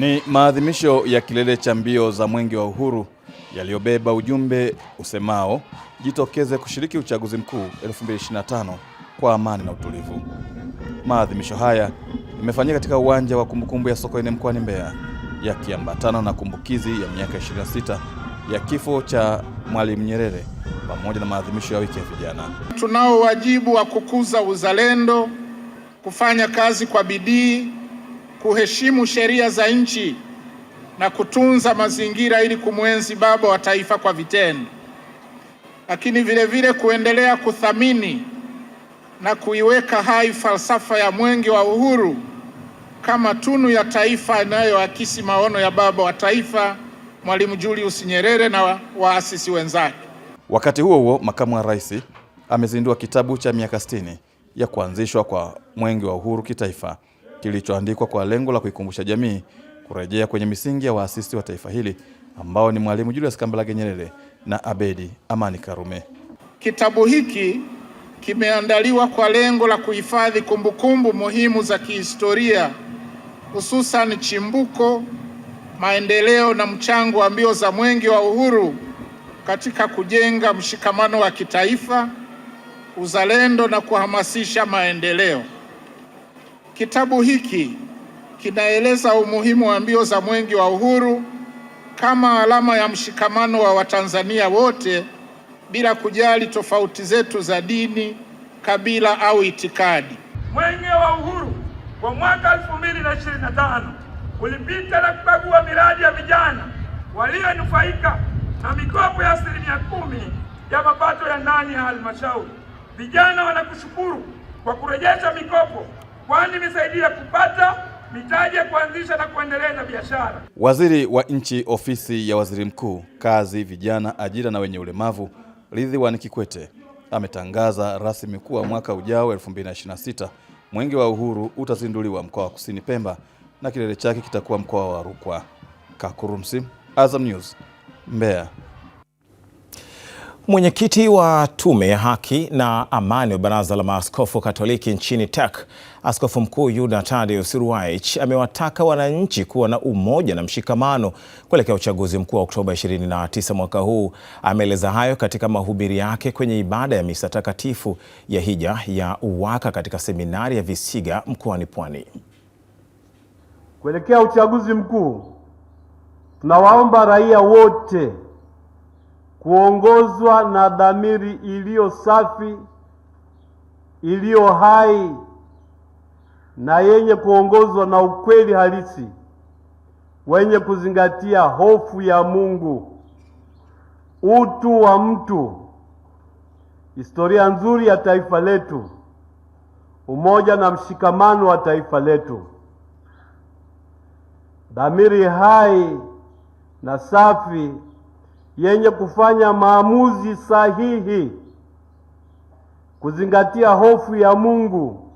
Ni maadhimisho ya kilele cha mbio za Mwenge wa Uhuru yaliyobeba ujumbe usemao jitokeze kushiriki uchaguzi mkuu 2025 kwa amani na utulivu. Maadhimisho haya yamefanyika katika uwanja wa kumbukumbu ya Sokoine mkoani Mbeya, yakiambatana na kumbukizi ya miaka 26 ya kifo cha Mwalimu Nyerere pamoja na maadhimisho ya wiki ya vijana. Tunao wajibu wa kukuza uzalendo, kufanya kazi kwa bidii kuheshimu sheria za nchi na kutunza mazingira ili kumwenzi baba wa taifa kwa vitendo, lakini vile vile kuendelea kuthamini na kuiweka hai falsafa ya mwenge wa uhuru kama tunu ya taifa inayoakisi maono ya baba wa taifa Mwalimu Julius Nyerere na waasisi wenzake. Wakati huo huo, makamu wa rais amezindua kitabu cha miaka 60 ya kuanzishwa kwa mwenge wa uhuru kitaifa kilichoandikwa kwa lengo la kuikumbusha jamii kurejea kwenye misingi ya waasisi wa taifa hili ambao ni Mwalimu Julius Kambarage Nyerere na Abedi Amani Karume. Kitabu hiki kimeandaliwa kwa lengo la kuhifadhi kumbukumbu muhimu za kihistoria, hususan chimbuko, maendeleo na mchango wa mbio za Mwenge wa Uhuru katika kujenga mshikamano wa kitaifa, uzalendo na kuhamasisha maendeleo. Kitabu hiki kinaeleza umuhimu wa mbio za Mwenge wa Uhuru kama alama ya mshikamano wa Watanzania wote bila kujali tofauti zetu za dini, kabila au itikadi. Mwenge wa Uhuru wa mwaka 2025 ulipita na kukagua miradi ya vijana walionufaika na mikopo ya asilimia kumi ya mapato ya ndani ya halmashauri. Vijana wanakushukuru kwa kurejesha mikopo kwani imesaidia kupata mitaji ya kuanzisha na kuendeleza biashara. Waziri wa Nchi, Ofisi ya Waziri Mkuu, Kazi, Vijana, Ajira na Wenye Ulemavu, Ridhiwani Kikwete ametangaza rasmi kuwa mwaka ujao 2026 Mwenge wa Uhuru utazinduliwa mkoa wa Kusini Pemba na kilele chake kitakuwa mkoa wa Rukwa. Kakurumsi, Azam News, Mbeya. Mwenyekiti wa Tume ya Haki na Amani wa Baraza la Maaskofu Katoliki nchini TEC, Askofu Mkuu Yuda Thaddaeus Ruwa'ichi amewataka wananchi kuwa na umoja na mshikamano kuelekea uchaguzi mkuu wa Oktoba 29 mwaka huu. Ameeleza hayo katika mahubiri yake kwenye ibada ya misa takatifu ya hija ya UWAKA katika seminari ya Visiga mkoani Pwani. Kuelekea uchaguzi mkuu, tunawaomba raia wote kuongozwa na dhamiri iliyo safi, iliyo hai na yenye kuongozwa na ukweli halisi, wenye kuzingatia hofu ya Mungu, utu wa mtu, historia nzuri ya taifa letu, umoja na mshikamano wa taifa letu. Dhamiri hai na safi yenye kufanya maamuzi sahihi, kuzingatia hofu ya Mungu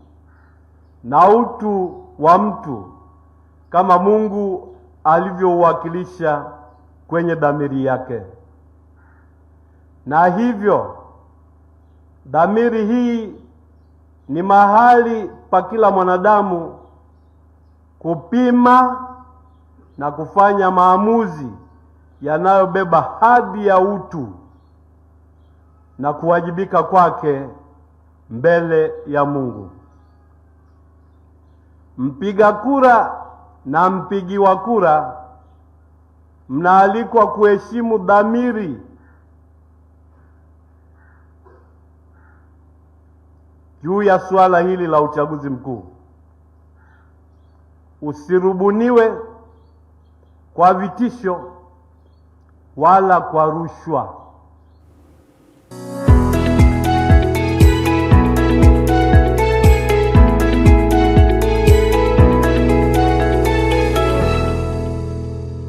na utu wa mtu kama Mungu alivyouwakilisha kwenye dhamiri yake. Na hivyo dhamiri hii ni mahali pa kila mwanadamu kupima na kufanya maamuzi yanayobeba hadhi ya utu na kuwajibika kwake mbele ya Mungu. Mpiga kura na mpigiwa kura mnaalikwa kuheshimu dhamiri juu ya suala hili la uchaguzi mkuu. Usirubuniwe kwa vitisho wala kwa rushwa.